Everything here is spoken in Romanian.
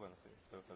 bueno, sí, pero está